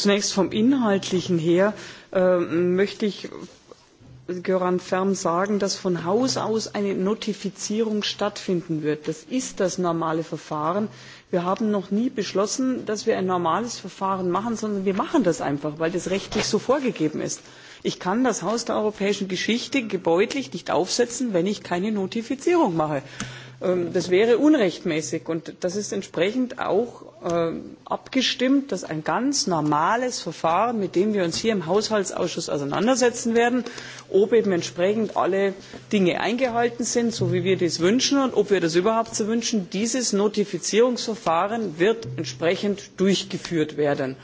zunächst vom inhaltlichen her äh, möchte ich göran färm sagen dass von haus aus eine notifizierung stattfinden wird. das ist das normale verfahren. wir haben noch nie beschlossen dass wir ein normales verfahren machen sondern wir machen das einfach weil das rechtlich so vorgegeben ist ich kann das Haus der europäischen Geschichte gebäudlich nicht aufsetzen, wenn ich keine Notifizierung mache. Ähm, das wäre unrechtmäßig und das ist entsprechend auch ähm, abgestimmt, dass ein ganz normales Verfahren, mit dem wir uns hier im Haushaltsausschuss auseinandersetzen werden, ob eben entsprechend alle Dinge eingehalten sind, so wie wir dies wünschen und ob wir das überhaupt so wünschen, dieses Notifizierungsverfahren wird entsprechend durchgeführt werden.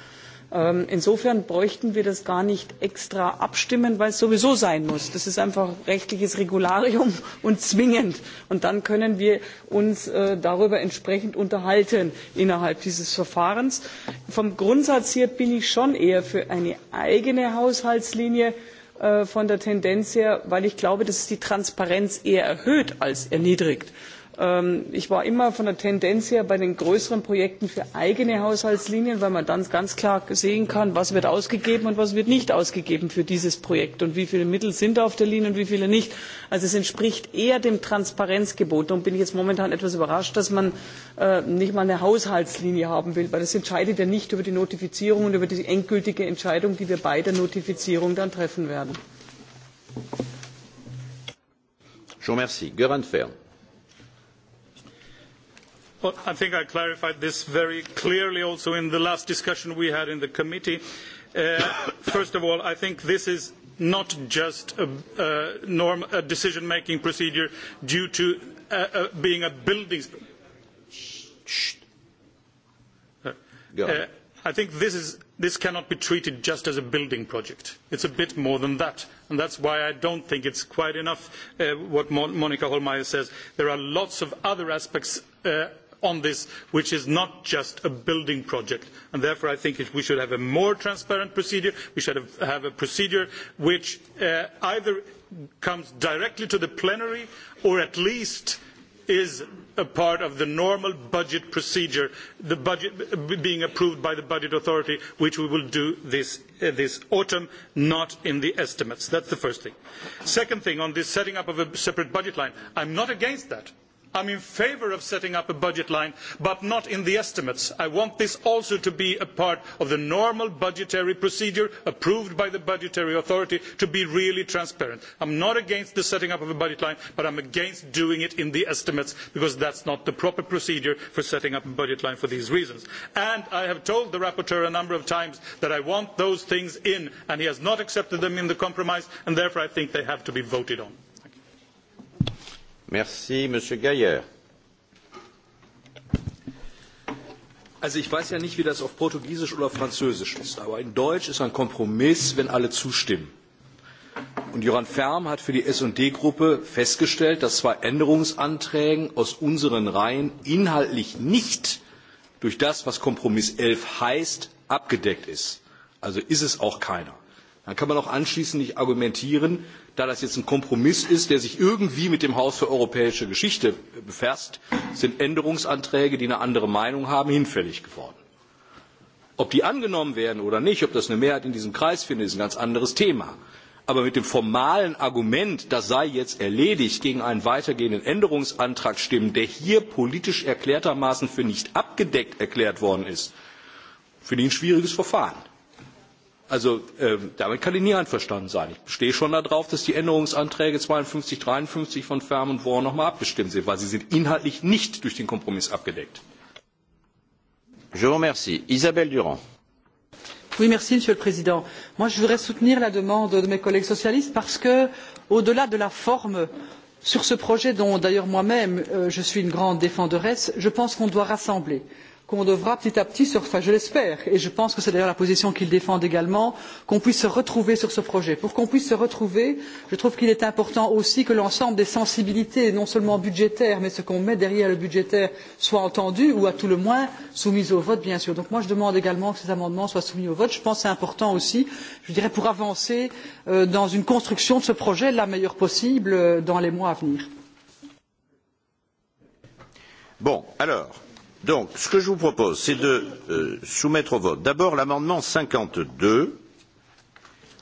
Ähm, insofern bräuchten wir das gar nicht extra abstimmen, weil es sowieso sein muss. Das ist einfach rechtliches Regularium und zwingend. Und dann können wir uns äh, darüber entsprechend unterhalten innerhalb dieses Verfahrens. Vom Grundsatz her bin ich schon eher für eine eigene Haushaltslinie äh, von der Tendenz her, weil ich glaube, dass es die Transparenz eher erhöht als erniedrigt. Ähm, ich war immer von der tendenz her bei den größeren projekten für eigene haushaltslinien weil man dann ganz klar sehen kann was wird ausgegeben und was wird nicht ausgegeben für dieses projekt und wie viele mittel sind auf der linie und wie viele nicht. also es entspricht eher dem transparenzgebot. darum bin ich jetzt momentan etwas überrascht dass man äh, nicht einmal eine haushaltslinie haben will denn das entscheidet ja nicht über die notifizierung und über die endgültige entscheidung die wir bei der notifizierung dann treffen werden. Well, I think I clarified this very clearly also in the last discussion we had in the committee. Uh, first of all, I think this is not just a, a, norm, a decision making procedure due to uh, uh, being a building. Uh, uh, I think this, is, this cannot be treated just as a building project. It's a bit more than that. And that's why I don't think it's quite enough uh, what Mon- Monica Holmeyer says. There are lots of other aspects. Uh, on this, which is not just a building project. And therefore, I think it, we should have a more transparent procedure. We should have, have a procedure which uh, either comes directly to the plenary or at least is a part of the normal budget procedure, the budget being approved by the budget authority, which we will do this, uh, this autumn, not in the estimates. That's the first thing. Second thing, on this setting up of a separate budget line, I'm not against that. I'm in favor of setting up a budget line, but not in the estimates. I want this also to be a part of the normal budgetary procedure approved by the budgetary authority to be really transparent. I'm not against the setting up of a budget line, but I'm against doing it in the estimates because that's not the proper procedure for setting up a budget line for these reasons. And I have told the rapporteur a number of times that I want those things in, and he has not accepted them in the compromise, and therefore I think they have to be voted on monsieur geier also ich weiß ja nicht wie das auf portugiesisch oder französisch ist aber in deutsch ist ein kompromiss wenn alle zustimmen. und jran färm hat für die sd gruppe festgestellt dass zwar änderungsanträgen aus unseren reihen inhaltlich nicht durch das was kompromiss elf heißt abgedeckt sind also ist es auch keiner. Dann kann man auch anschließend nicht argumentieren, da das jetzt ein Kompromiss ist, der sich irgendwie mit dem Haus für europäische Geschichte befasst, sind Änderungsanträge, die eine andere Meinung haben, hinfällig geworden. Ob die angenommen werden oder nicht, ob das eine Mehrheit in diesem Kreis findet, ist ein ganz anderes Thema. Aber mit dem formalen Argument, das sei jetzt erledigt, gegen einen weitergehenden Änderungsantrag stimmen, der hier politisch erklärtermaßen für nicht abgedeckt erklärt worden ist, finde ich ein schwieriges Verfahren. Also äh, damit kann ich nie einverstanden sein. Ich stehe schon darauf, dass die Änderungsanträge 52, 53 von Ferm und Wohr nochmal abgestimmt sind, weil sie sind inhaltlich nicht durch den Kompromiss abgedeckt. Je vous remercie. Isabelle Durand. Oui, merci, Monsieur le Président. Moi, je voudrais soutenir la demande de mes collègues socialistes parce que, au delà de la forme sur ce projet dont d'ailleurs moi même euh, je suis une grande défenderesse, je pense qu'on doit rassembler qu'on devra petit à petit enfin je l'espère et je pense que c'est d'ailleurs la position qu'ils défendent également qu'on puisse se retrouver sur ce projet. pour qu'on puisse se retrouver je trouve qu'il est important aussi que l'ensemble des sensibilités non seulement budgétaires mais ce qu'on met derrière le budgétaire soient entendues ou à tout le moins soumises au vote bien sûr. donc moi je demande également que ces amendements soient soumis au vote. je pense que c'est important aussi je dirais pour avancer euh, dans une construction de ce projet la meilleure possible euh, dans les mois à venir. bon alors donc ce que je vous propose c'est de euh, soumettre au vote d'abord l'amendement cinquante deux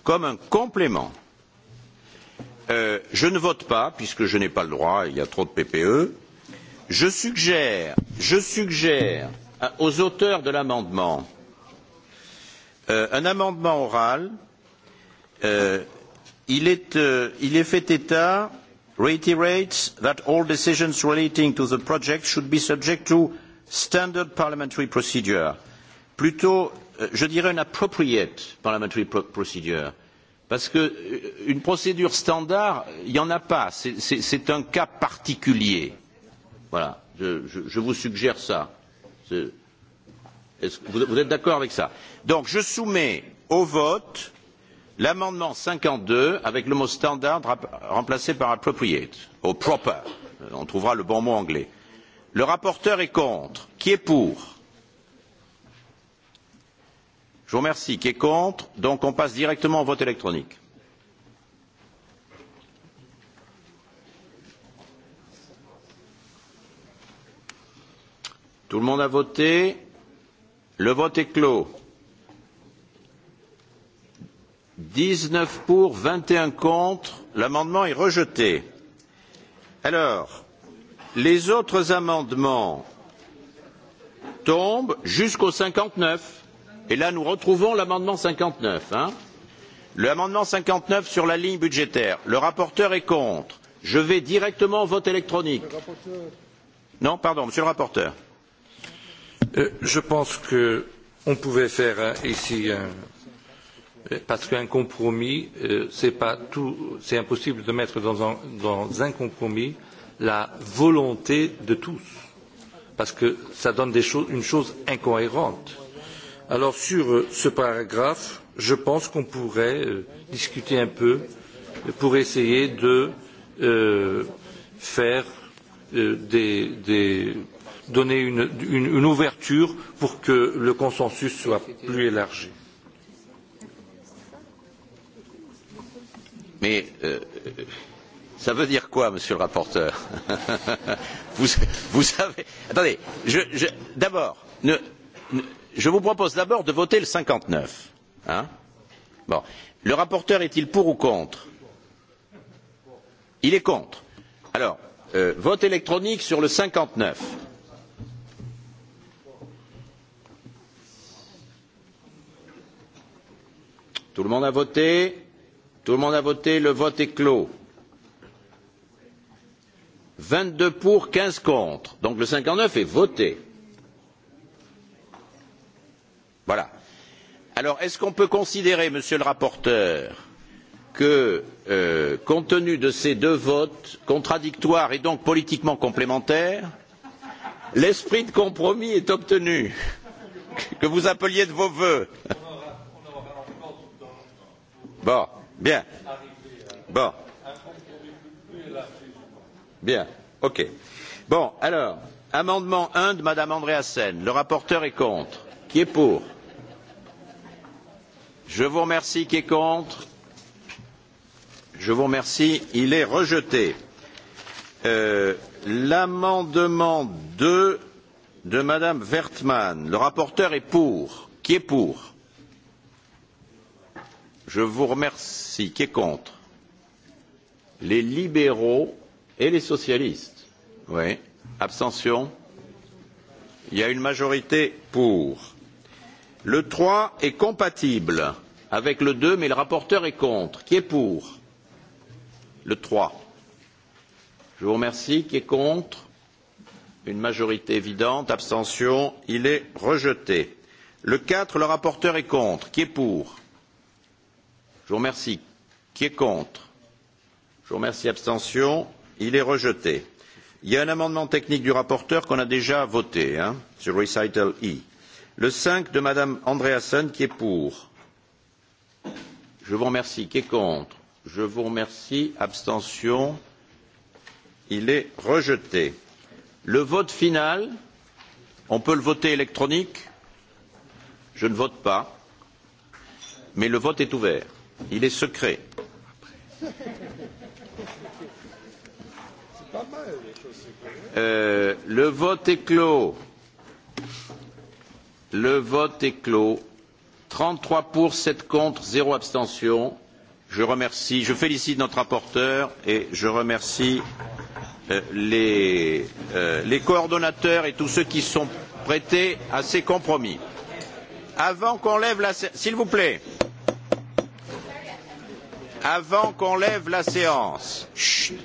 comme un complément. Euh, je ne vote pas puisque je n'ai pas le droit il y a trop de ppe. je suggère je suggère aux auteurs de l'amendement euh, un amendement oral il est il est fait état reiterates that all decisions relating to the project should be subject standard parliamentary procedure plutôt euh, je dirais une appropriate parliamentary procedure parce que euh, une procédure standard il n'y en a pas c'est un cas particulier voilà je, je, je vous suggère ça est, est -ce, vous, vous êtes d'accord avec ça donc je soumets au vote l'amendement 52 avec le mot standard remplacé par appropriate ou proper on trouvera le bon mot anglais le rapporteur est contre qui est pour? je vous remercie qui est contre? donc on passe directement au vote électronique. Tout le monde a voté. Le vote est clos. 19 pour, 21 contre. L'amendement est rejeté. Alors, les autres amendements tombent jusqu'au cinquante neuf et là nous retrouvons l'amendement cinquante neuf hein l'amendement cinquante neuf sur la ligne budgétaire le rapporteur est contre je vais directement au vote électronique non pardon monsieur le rapporteur euh, je pense que on pouvait faire ici un parce qu'un compromis, euh, c'est pas tout, c'est impossible de mettre dans un, dans un compromis la volonté de tous parce que cela donne des choses, une chose incohérente. Alors sur euh, ce paragraphe, je pense qu'on pourrait euh, discuter un peu pour essayer de euh, faire euh, des, des, donner une, une, une ouverture pour que le consensus soit plus élargi. Mais euh, euh Ça veut dire quoi, monsieur le rapporteur vous, vous savez. Attendez, je, je, d'abord, ne, ne, je vous propose d'abord de voter le 59. Hein bon. Le rapporteur est-il pour ou contre Il est contre. Alors, euh, vote électronique sur le 59. Tout le monde a voté Tout le monde a voté Le vote est clos vingt deux pour quinze contre donc le cinquante neuf est voté. voilà. alors est ce qu'on peut considérer monsieur le rapporteur que euh, compte tenu de ces deux votes contradictoires et donc politiquement complémentaires l'esprit de compromis est obtenu que vous appeliez de vos vœux Bon, bien. Bon. Bien bon alors amendement un de mme andreasen le rapporteur est contre qui est pour? je vous remercie qui est contre? je vous remercie il est rejeté. Euh, l'amendement deux de mme wortmann le rapporteur est pour qui est pour? je vous remercie qui est contre? les libéraux et les socialistes. Oui. Abstention. Il y a une majorité pour. Le 3 est compatible avec le 2, mais le rapporteur est contre. Qui est pour Le 3. Je vous remercie. Qui est contre Une majorité évidente. Abstention. Il est rejeté. Le 4, le rapporteur est contre. Qui est pour Je vous remercie. Qui est contre Je vous remercie. Abstention il est rejeté. il y a un amendement technique du rapporteur qu'on a déjà voté hein, sur le recital e. le cinq de mme andreasen qui est pour. je vous remercie qui est contre. je vous remercie abstention. il est rejeté. le vote final on peut le voter électronique. je ne vote pas. mais le vote est ouvert. il est secret. Thank you. Euh, le vote est clos. Le vote est clos. 33 pour, 7 contre, 0 abstention. Je remercie, je félicite notre rapporteur et je remercie euh, les, euh, les coordonnateurs et tous ceux qui sont prêtés à ces compromis. Avant qu'on lève la s'il vous plaît. Avant qu'on lève la séance. Chut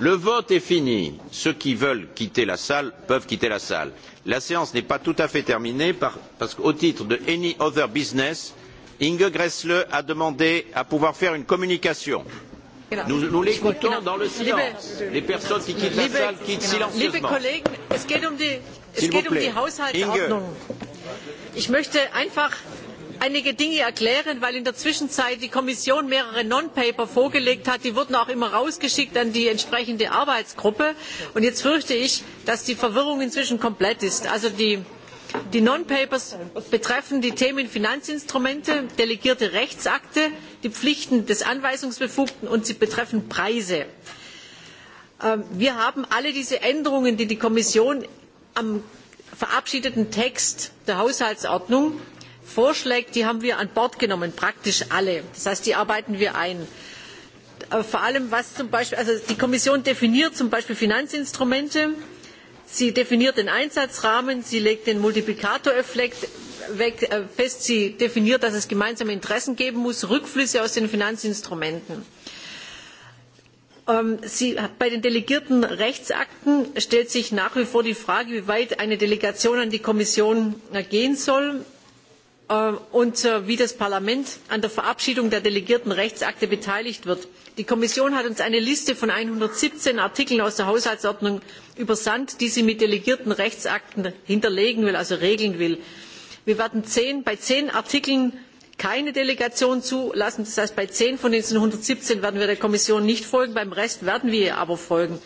le vote est fini ceux qui veulent quitter la salle peuvent quitter la salle. la séance n'est pas tout à fait terminée parce qu'au titre de any other business inge grässle a demandé à pouvoir faire une communication. nous, nous l'écoutons dans le silence. les personnes qui quittent la salle quittent silencieusement. Um s'il vous um plaît einige dinge erklären weil in der zwischenzeit die kommission mehrere non paper vorgelegt hat die wurden auch immer rausgeschickt an die entsprechende arbeitsgruppe und jetzt fürchte ich dass die verwirrung inzwischen komplett ist. also die die non papers betreffen die themen finanzinstrumente delegierte rechtsakte die pflichten des anweisungsbefugten und sie betreffen preise. Ähm, wir haben alle diese änderungen die die kommission am verabschiedeten text der haushaltsordnung vorschlägt die haben wir an bord genommen praktisch alle das heißt die arbeiten wir ein. Äh, vor allem was zum Beispiel, also die Kommission definiert zum Beispiel Finanzinstrumente, sie definiert den Einsatzrahmen, sie legt den Multiplikatoreffekt äh, fest, sie definiert, dass es gemeinsame Interessen geben muss, Rückflüsse aus den Finanzinstrumenten. Ähm, sie, bei den delegierten Rechtsakten stellt sich nach wie vor die Frage, wie weit eine Delegation an die Kommission äh, gehen soll. Äh, und äh, wie das parlament an der verabschiedung der delegierten rechtsakte beteiligt wird. die kommission hat uns eine liste von einhundertsiebzehn artikeln aus der haushaltsordnung übersandt die sie mit delegierten rechtsakten hinterlegen will also regeln will. wir werden bei zehn artikeln keine delegation zulassen das heißt bei zehn von diesen einhundertsiebzehn werden wir der kommission nicht folgen beim rest werden wir ihr aber folgen.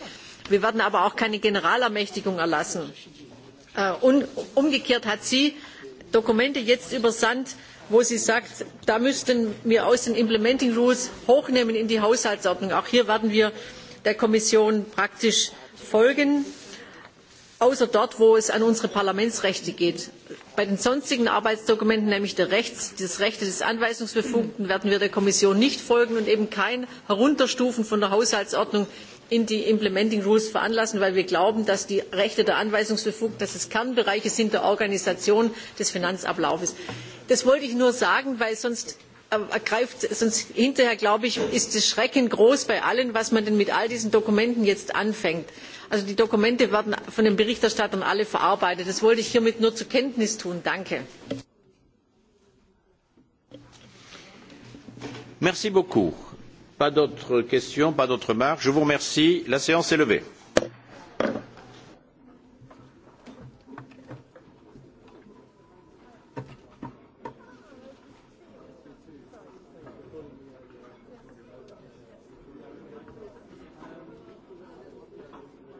wir werden aber auch keine generalermächtigung erlassen. Äh, umgekehrt hat Dokumente jetzt übersandt, wo sie sagt, da müssten wir aus den Implementing Rules hochnehmen in die Haushaltsordnung. Auch hier werden wir der Kommission praktisch folgen, außer dort, wo es an unsere Parlamentsrechte geht. Bei den sonstigen Arbeitsdokumenten, nämlich der Rechts, das Rechte des Anweisungsbefugten, werden wir der Kommission nicht folgen und eben kein Herunterstufen von der Haushaltsordnung in die Implementing Rules veranlassen, weil wir glauben, dass die Rechte der Anweisungsbefugnisse Kernbereiche sind der Organisation des Finanzablaufes. Das wollte ich nur sagen, weil sonst äh, ergreift, sonst hinterher, glaube ich, ist das Schrecken groß bei allen, was man denn mit all diesen Dokumenten jetzt anfängt. Also die Dokumente werden von den Berichterstattern alle verarbeitet. Das wollte ich hiermit nur zur Kenntnis tun. Danke. Merci beaucoup pas d'autres questions pas d'autres remarques je vous remercie la séance est levée.